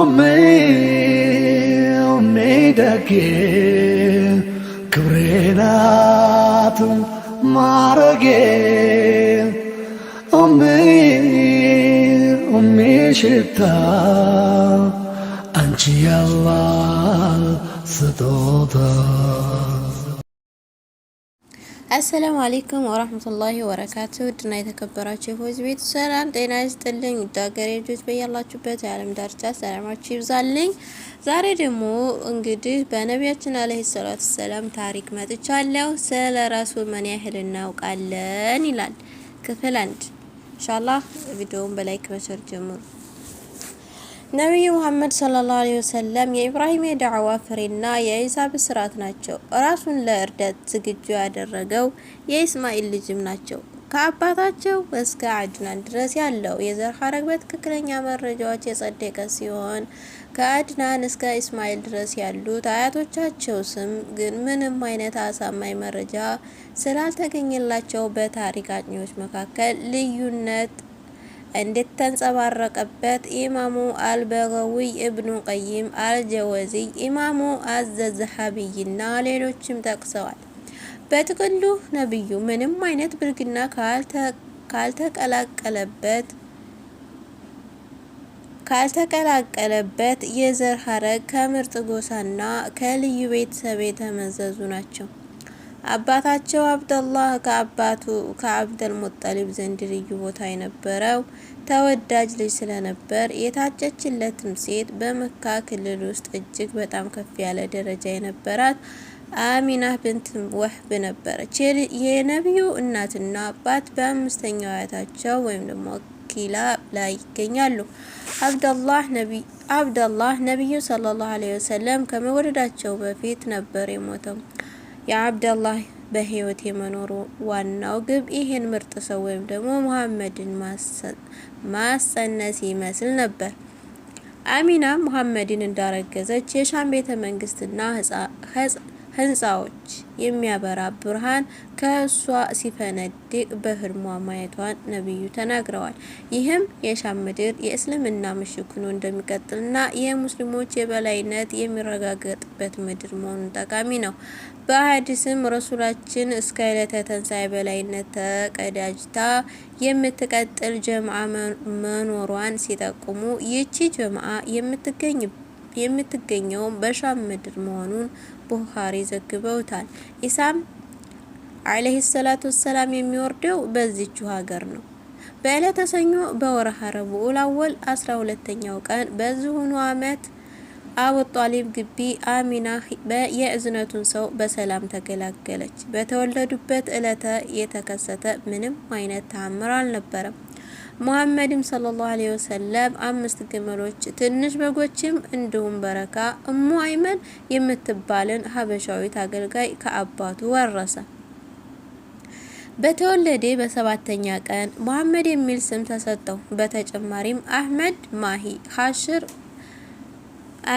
O meu meida que crenato marge o meu o meu ante Allah se todo አሰላሙ አሌይኩም ወራህመቱላሂ ወበረካቱ ውድና የተከበራችሁ የፎዝ ቤት ሰላም ጤና ይስጥልኝ። ውድ ሀገሬ ልጆች በያላችሁበት የዓለም ዳርቻ ሰላማችሁ ይብዛልኝ። ዛሬ ደግሞ እንግዲህ በነቢያችን አለይሂ ሰላቱ ሰላም ታሪክ መጥቻለሁ። ስለ ራሱ ምን ያህል እናውቃለን ይላል ክፍል አንድ። ኢንሻአላህ ቪዲዮውን በላይክ በሸር ጀምሩ። ነቢዩ ሙሐመድ ሰለላሁ አለይሂ ወሰለም የኢብራሂም የዳዕዋ ፍሬና የኢሳ ብስራት ናቸው። ራሱን ለእርደት ዝግጁ ያደረገው የኢስማኤል ልጅም ናቸው። ከአባታቸው እስከ አድናን ድረስ ያለው የዘር ሐረግ በትክክለኛ መረጃዎች የጸደቀ ሲሆን ከአድናን እስከ ኢስማኤል ድረስ ያሉት አያቶቻቸው ስም ግን ምንም አይነት አሳማኝ መረጃ ስላልተገኘላቸው በታሪክ አጥኚዎች መካከል ልዩነት እንደተንጸባረቀበት ኢማሙ አልበገዊይ እብኑ ቀይም አልጀወዚይ ኢማሙ አዘዝሀብይና ሌሎችም ጠቅሰዋል። በጥቅሉ ነቢዩ ምንም አይነት ብልግና ካልተቀላቀለበት ካልተቀላቀለበት የዘር ሀረግ ከምርጥ ጎሳና ከልዩ ቤተሰብ የተመዘዙ ናቸው። አባታቸው አብደላህ ከአባቱ ከአብደል ሙጠሊብ ዘንድ ልዩ ቦታ የነበረው ተወዳጅ ልጅ ስለነበር የታጨችለትም ሴት በመካ ክልል ውስጥ እጅግ በጣም ከፍ ያለ ደረጃ የነበራት አሚና ብንት ወህብ ነበረች። የነቢዩ እናትና አባት በአምስተኛው አያታቸው ወይም ደግሞ ኪላ ላይ ይገኛሉ። አብደላህ ነቢዩ ሰለላሁ አለይሂ ወሰለም ከመወደዳቸው በፊት ነበር የሞተው። የአብደላህ በህይወት የመኖሩ ዋናው ግብ ይህን ምርጥ ሰው ወይም ደግሞ ሙሐመድን ማጸነስ ይመስል ነበር። አሚና ሙሐመድን እንዳረገዘች የሻም ቤተ መንግስትና ህንፃዎች የሚያበራ ብርሃን ከእሷ ሲፈነድቅ በህልሟ ማየቷን ነቢዩ ተናግረዋል። ይህም የሻም ምድር የእስልምና ምሽግ ሆኖ እንደሚቀጥልና የሙስሊሞች የበላይነት የሚረጋገጥበት ምድር መሆኑን ጠቃሚ ነው። በሀዲስም ረሱላችን እስከ ዕለተ ተንሳኤ በላይነት ተቀዳጅታ የምትቀጥል ጀምዓ መኖሯን ሲጠቁሙ ይቺ ጀምዓ የምትገኝበት የምትገኘውም በሻም ምድር መሆኑን ቡኻሪ ዘግበውታል። ኢሳም አለይሂ ሰላቱ ወሰላም የሚወርደው በዚቹ ሀገር ነው። በእለተ ሰኞ በወርሃ ረቡዕ 12ኛው ቀን በዚሁኑ ዓመት አቡ ጣሊብ ግቢ አሚና የእዝነቱን ሰው በሰላም ተገላገለች። በተወለዱበት ዕለተ የተከሰተ ምንም አይነት ተአምር አልነበረም። ሙሐመድም ሰለላሁ ዐለይሂ ወሰለም አምስት ግመሎች፣ ትንሽ በጎችም እንዲሁም በረካ እሙ አይመን የምትባልን ሀበሻዊት አገልጋይ ከአባቱ ወረሰ። በተወለደ በሰባተኛ ቀን ሙሐመድ የሚል ስም ተሰጠው። በተጨማሪም አህመድ፣ ማሂ፣ ሀሽር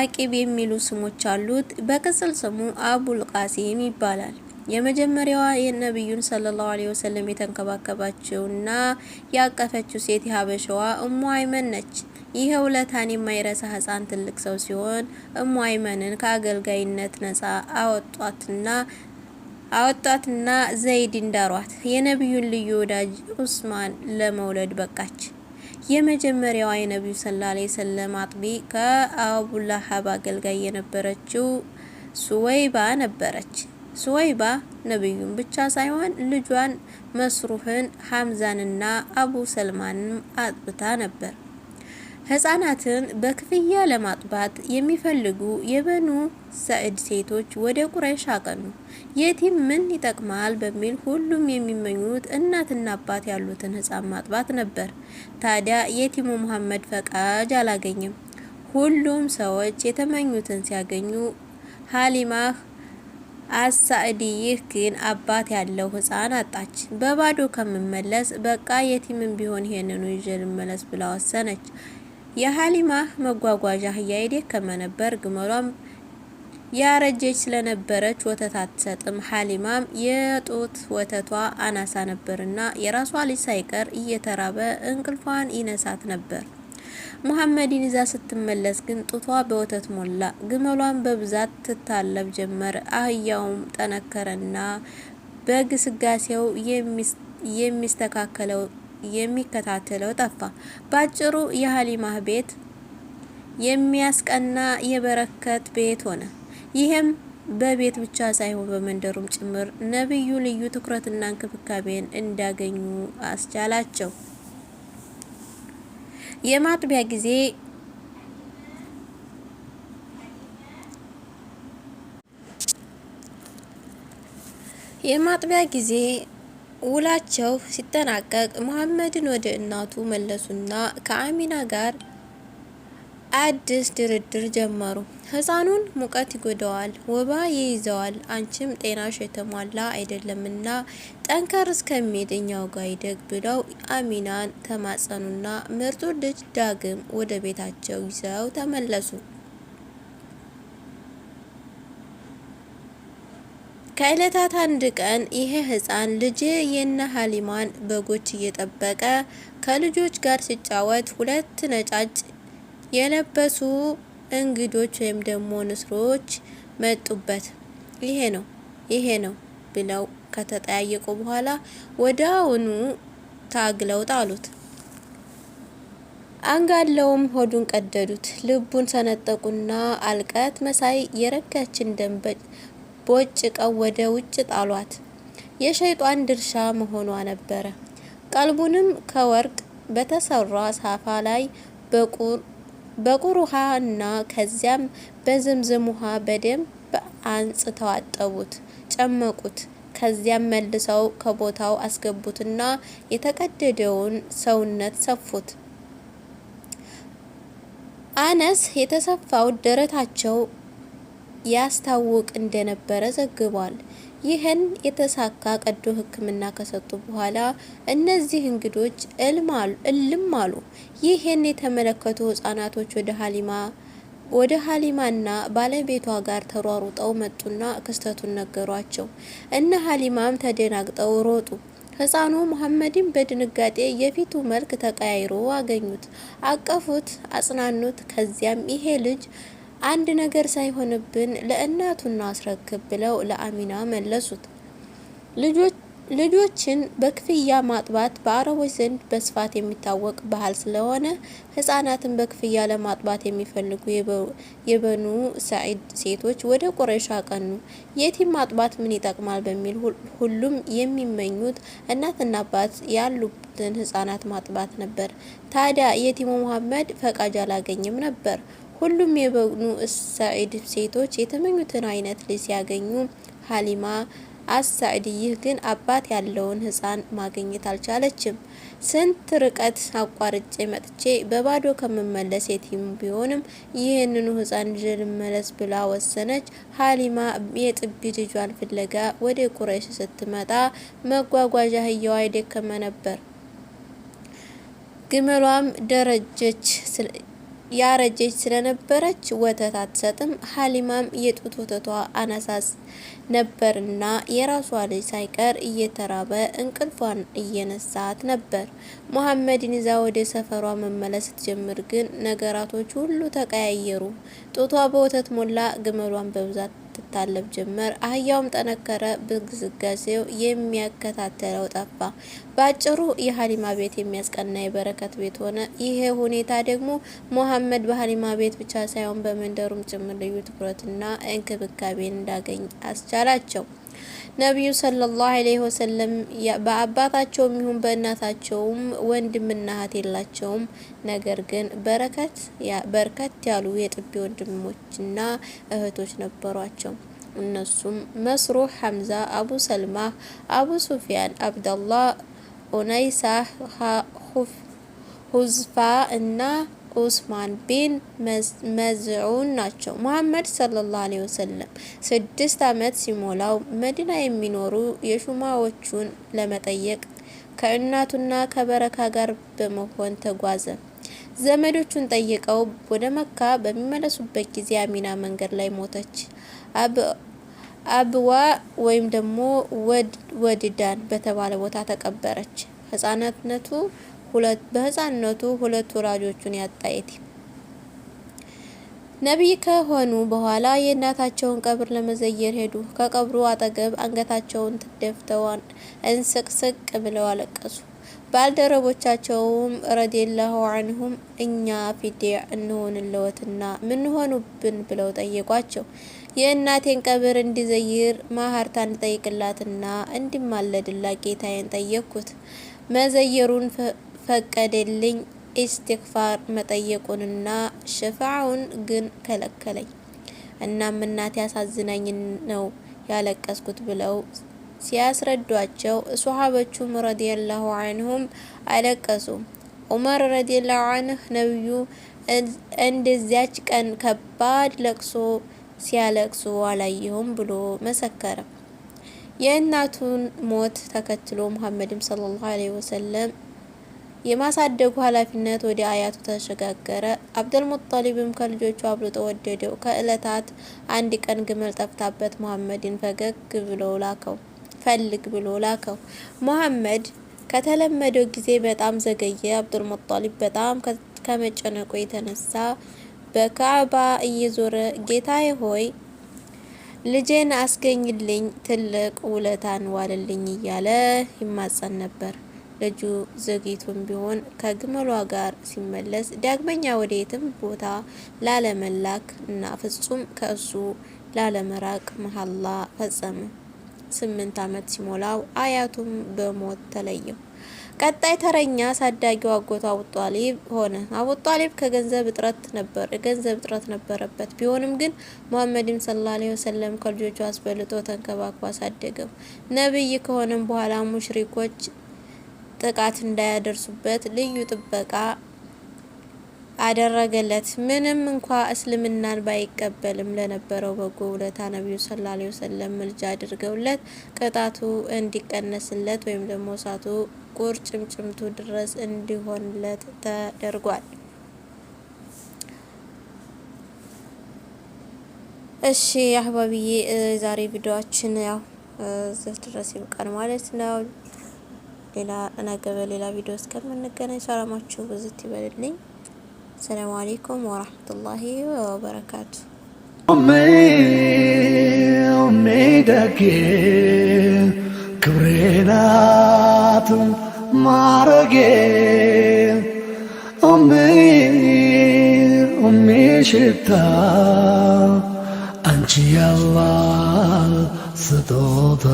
አቂብ የሚሉ ስሞች አሉት። በቅጽል ስሙ አቡል ቃሲም ይባላል። የመጀመሪያዋ የነቢዩን ሰለላሁ ዐለይሂ ወሰለም የተንከባከባችውና ያቀፈችው ሴት የሀበሻዋ እሙ አይመን ነች። ይህ ውለታን የማይረሳ ህፃን ትልቅ ሰው ሲሆን እሙ አይመንን ከአገልጋይነት ነጻ አወጧትና አወጣትና ዘይድ እንዳሯት የነቢዩን ልዩ ወዳጅ ኡስማን ለመውለድ በቃች። የመጀመሪያዋ የነቢዩ ሰለላሁ ዐለይሂ ወሰለም አጥቢ ከአቡላሀብ አገልጋይ የነበረችው ሱወይባ ነበረች። ሱወይባ ነብዩን ብቻ ሳይሆን ልጇን መስሩህን ሐምዛንና አቡ ሰልማንም አጥብታ ነበር። ህጻናትን በክፍያ ለማጥባት የሚፈልጉ የበኑ ሰዕድ ሴቶች ወደ ቁረይሽ አቀኑ። የቲም ምን ይጠቅማል በሚል ሁሉም የሚመኙት እናትና አባት ያሉትን ህጻን ማጥባት ነበር። ታዲያ የቲሙ መሐመድ ፈቃጅ አላገኘም። ሁሉም ሰዎች የተመኙትን ሲያገኙ ሀሊማህ አሳዕዲ ይህ ግን አባት ያለው ህፃን አጣች። በባዶ ከምመለስ በቃ የቲምን ቢሆን ይሄንኑ ይዤ ልመለስ ብላ ወሰነች። የሀሊማ መጓጓዣ አህያ የደከመ ነበር። ግመሏም ያረጀች ስለነበረች ወተት አትሰጥም። ሀሊማም የጡት ወተቷ አናሳ ነበርና የራሷ ልጅ ሳይቀር እየተራበ እንቅልፏን ይነሳት ነበር። መሐመድን ይዛ ስትመለስ ግን ጡቷ በወተት ሞላ። ግመሏን በብዛት ትታለብ ጀመር። አህያውም ጠነከረና በግስጋሴው የሚስተካከለው የሚከታተለው ጠፋ። ባጭሩ የሀሊማህ ቤት የሚያስቀና የበረከት ቤት ሆነ። ይህም በቤት ብቻ ሳይሆን በመንደሩም ጭምር ነብዩ ልዩ ትኩረትና እንክብካቤን እንዳገኙ አስቻላቸው። የማጥቢያ ጊዜ የማጥቢያ ጊዜ ውላቸው ሲጠናቀቅ መሐመድን ወደ እናቱ መለሱና ከአሚና ጋር አዲስ ድርድር ጀመሩ። ህፃኑን ሙቀት ይጎዳዋል፣ ወባ ይይዘዋል፣ አንቺም ጤናሽ የተሟላ አይደለምና ጠንከር እስከሚሄድ እኛው ይደግ ብለው አሚናን ተማጸኑና ምርጡ ልጅ ዳግም ወደ ቤታቸው ይዘው ተመለሱ። ከዕለታት አንድ ቀን ይሄ ህፃን ልጄ የነ ሀሊማን በጎች እየጠበቀ ከልጆች ጋር ሲጫወት ሁለት ነጫጭ የለበሱ እንግዶች ወይም ደግሞ ንስሮች መጡበት። ይሄ ነው ይሄ ነው ብለው ከተጠያየቁ በኋላ ወዳውኑ ታግለው ጣሉት። አንጋለውም ሆዱን ቀደዱት፣ ልቡን ሰነጠቁና አልቀት መሳይ የረካችን ደንበጭ ቦጭቀው ወደ ውጭ ጣሏት። የሸይጧን ድርሻ መሆኗ ነበረ። ቀልቡንም ከወርቅ በተሰራ ሳፋ ላይ በቁር በቁር ውሃ እና ከዚያም በዝምዝም ውሃ በደንብ አንጽተው አጠቡት፣ ጨመቁት። ከዚያም መልሰው ከቦታው አስገቡትና የተቀደደውን ሰውነት ሰፉት። አነስ የተሰፋው ደረታቸው ያስታውቅ እንደነበረ ዘግቧል። ይህን የተሳካ ቀዶ ሕክምና ከሰጡ በኋላ እነዚህ እንግዶች እልም አሉ። ይህን የተመለከቱ ህጻናቶች ወደ ሀሊማ ወደ ሀሊማና ባለቤቷ ጋር ተሯሩጠው መጡና ክስተቱን ነገሯቸው። እነ ሀሊማም ተደናግጠው ሮጡ። ህፃኑ መሐመድን በድንጋጤ የፊቱ መልክ ተቀያይሮ አገኙት። አቀፉት፣ አጽናኑት። ከዚያም ይሄ ልጅ አንድ ነገር ሳይሆንብን ለእናቱና አስረክብ ብለው ለአሚና መለሱት። ልጆችን በክፍያ ማጥባት በአረቦች ዘንድ በስፋት የሚታወቅ ባህል ስለሆነ ህፃናትን በክፍያ ለማጥባት የሚፈልጉ የበኑ ሰዒድ ሴቶች ወደ ቁረይሽ አቀኑ። የቲም ማጥባት ምን ይጠቅማል በሚል ሁሉም የሚመኙት እናትና አባት ያሉትን ህፃናት ማጥባት ነበር። ታዲያ የቲሙ መሐመድ ፈቃጅ አላገኘም ነበር። ሁሉም የበኑ እሳዒድ ሴቶች የተመኙትን አይነት ልጅ ሲያገኙ ሀሊማ አሳዕድ ይህ ግን አባት ያለውን ህፃን ማግኘት አልቻለችም። ስንት ርቀት አቋርጬ መጥቼ በባዶ ከምመለስ የቲም ቢሆንም ይህንኑ ህፃን ይዤ ልመለስ ብላ ወሰነች። ሀሊማ የጥቢ ልጇን ፍለጋ ወደ ቁረይሽ ስትመጣ መጓጓዣ አህያዋ የደከመ ነበር። ግመሏም ደረጀች። ያረጀች ስለነበረች ወተት አትሰጥም። ሀሊማም የጡት ወተቷ አነሳስ ነበርና የራሷ ልጅ ሳይቀር እየተራበ እንቅልፏን እየነሳት ነበር። መሐመድን ይዛ ወደ ሰፈሯ መመለስ ስትጀምር ግን ነገራቶች ሁሉ ተቀያየሩ። ጡቷ በወተት ሞላ። ግመሏን በብዛት ትታለብ ጀመር። አህያውም ጠነከረ፣ ብግዝጋዜው የሚያከታተለው ጠፋ። በአጭሩ የሀሊማ ቤት የሚያስቀና የበረከት ቤት ሆነ። ይሄ ሁኔታ ደግሞ ሙሀመድ በሀሊማ ቤት ብቻ ሳይሆን በመንደሩም ጭምር ልዩ ትኩረትና እንክብካቤን እንዳገኝ አስቻላቸው። ነቢዩ ሰለላሁ ዐለይሂ ወሰለም በአባታቸውም ይሁን በእናታቸውም ወንድምና እህት የላቸውም። ነገር ግን በረከት በርከት ያሉ የጥቢ ወንድሞችና እህቶች ነበሯቸው። እነሱም መስሩህ፣ ሐምዛ፣ አቡ ሰልማ፣ አቡ ሱፊያን፣ አብደላህ፣ ኡነይሳ፣ ሁዝፋ እና ኡስማን ቢን መዝዑን ናቸው። መሐመድ ሰለላሁ ዐለይሂ ወሰለም ስድስት ዓመት ሲሞላው መዲና የሚኖሩ የሹማዎቹን ለመጠየቅ ከእናቱና ከበረካ ጋር በመሆን ተጓዘ። ዘመዶቹን ጠይቀው ወደ መካ በሚመለሱበት ጊዜ አሚና መንገድ ላይ ሞተች። አብዋ ወይም ደግሞ ወድዳን በተባለ ቦታ ተቀበረች። ህጻናትነቱ ሁለት በህፃንነቱ ሁለት ወላጆቹን ያጣ የቲም ነቢይ ከሆኑ በኋላ የእናታቸውን ቀብር ለመዘየር ሄዱ። ከቀብሩ አጠገብ አንገታቸውን ደፍተው እንስቅስቅ ብለው አለቀሱ። ባልደረቦቻቸውም ረዲየላሁ አንሁም እኛ ፊዴ እንሆንለወትና ምንሆኑብን ብለው ጠየቋቸው። የእናቴን ቀብር እንዲዘይር ማህርታ እንድጠይቅላትና እንዲማለድላ ጌታዬን ጠየቅኩት መዘየሩን ፈቀደልኝ ኢስቲግፋር መጠየቁንና ሽፋውን ግን ከለከለኝ። እናም እናቴ ያሳዝናኝ ነው ያለቀስኩት ብለው ሲያስረዷቸው ሱሐቦቹም ረዲየላሁ አንሁም አለቀሱ። ዑመር ረዲየላሁ አንህ ነብዩ እንደዚያች ቀን ከባድ ለቅሶ ሲያለቅሱ አላየሁም ብሎ መሰከረ። የእናቱን ሞት ተከትሎ ሙሐመድም ሰለላሁ ዐለይሂ ወሰለም የማሳደጉ ኃላፊነት ወደ አያቱ ተሸጋገረ። አብደልሙጣሊብም ከልጆቹ አብሎ ተወደደው ከእለታት አንድ ቀን ግመል ጠፍታበት መሐመድን ፈገግ ብሎ ላከው ፈልግ ብሎ ላከው። መሐመድ ከተለመደው ጊዜ በጣም ዘገየ። አብደልሙጣሊብ በጣም ከመጨነቁ የተነሳ በካዕባ እየዞረ ጌታዬ ሆይ ልጄን አስገኝልኝ፣ ትልቅ ውለታን ዋልልኝ እያለ ይማጸን ነበር። ልጁ ዘግይቶም ቢሆን ከግመሏ ጋር ሲመለስ ዳግመኛ ወደ የትም ቦታ ላለመላክ እና ፍጹም ከእሱ ላለመራቅ መሃላ ፈጸመ። ስምንት ዓመት ሲሞላው አያቱም በሞት ተለየው። ቀጣይ ተረኛ ሳዳጊው አጎቱ አቡ ሆነ። አቡ ከገንዘብ እጥረት ነበር ገንዘብ እጥረት ነበረበት። ቢሆንም ግን ሙሐመድም ሰለላሁ ዐለይሂ ወሰለም ከልጆቹ አስበልጦ ተንከባክቦ አሳደገው። ነብይ ከሆነም በኋላ ሙሽሪኮች ጥቃት እንዳያደርሱበት ልዩ ጥበቃ አደረገለት። ምንም እንኳ እስልምናን ባይቀበልም ለነበረው በጎ ውለታ ነቢዩ ሰለላሁ ዐለይሂ ወሰለም ምልጃ አድርገውለት ቅጣቱ እንዲቀነስለት ወይም ደግሞ እሳቱ ቁርጭምጭምቱ ድረስ እንዲሆንለት ተደርጓል። እሺ አህባብዬ ዛሬ ቪዲዮችን ያው እዚህ ድረስ ይብቃል ማለት ነው። ሌላ ነገ በሌላ ቪዲዮ እስከምንገናኝ ሰላማችሁ ብዝት ይበልልኝ። ሰላም አለይኩም ወራህመቱላሂ ወበረካቱ። ክብሬናት ማረጌ ኦሜ ሽታ አንቺ ያላ ስጦታ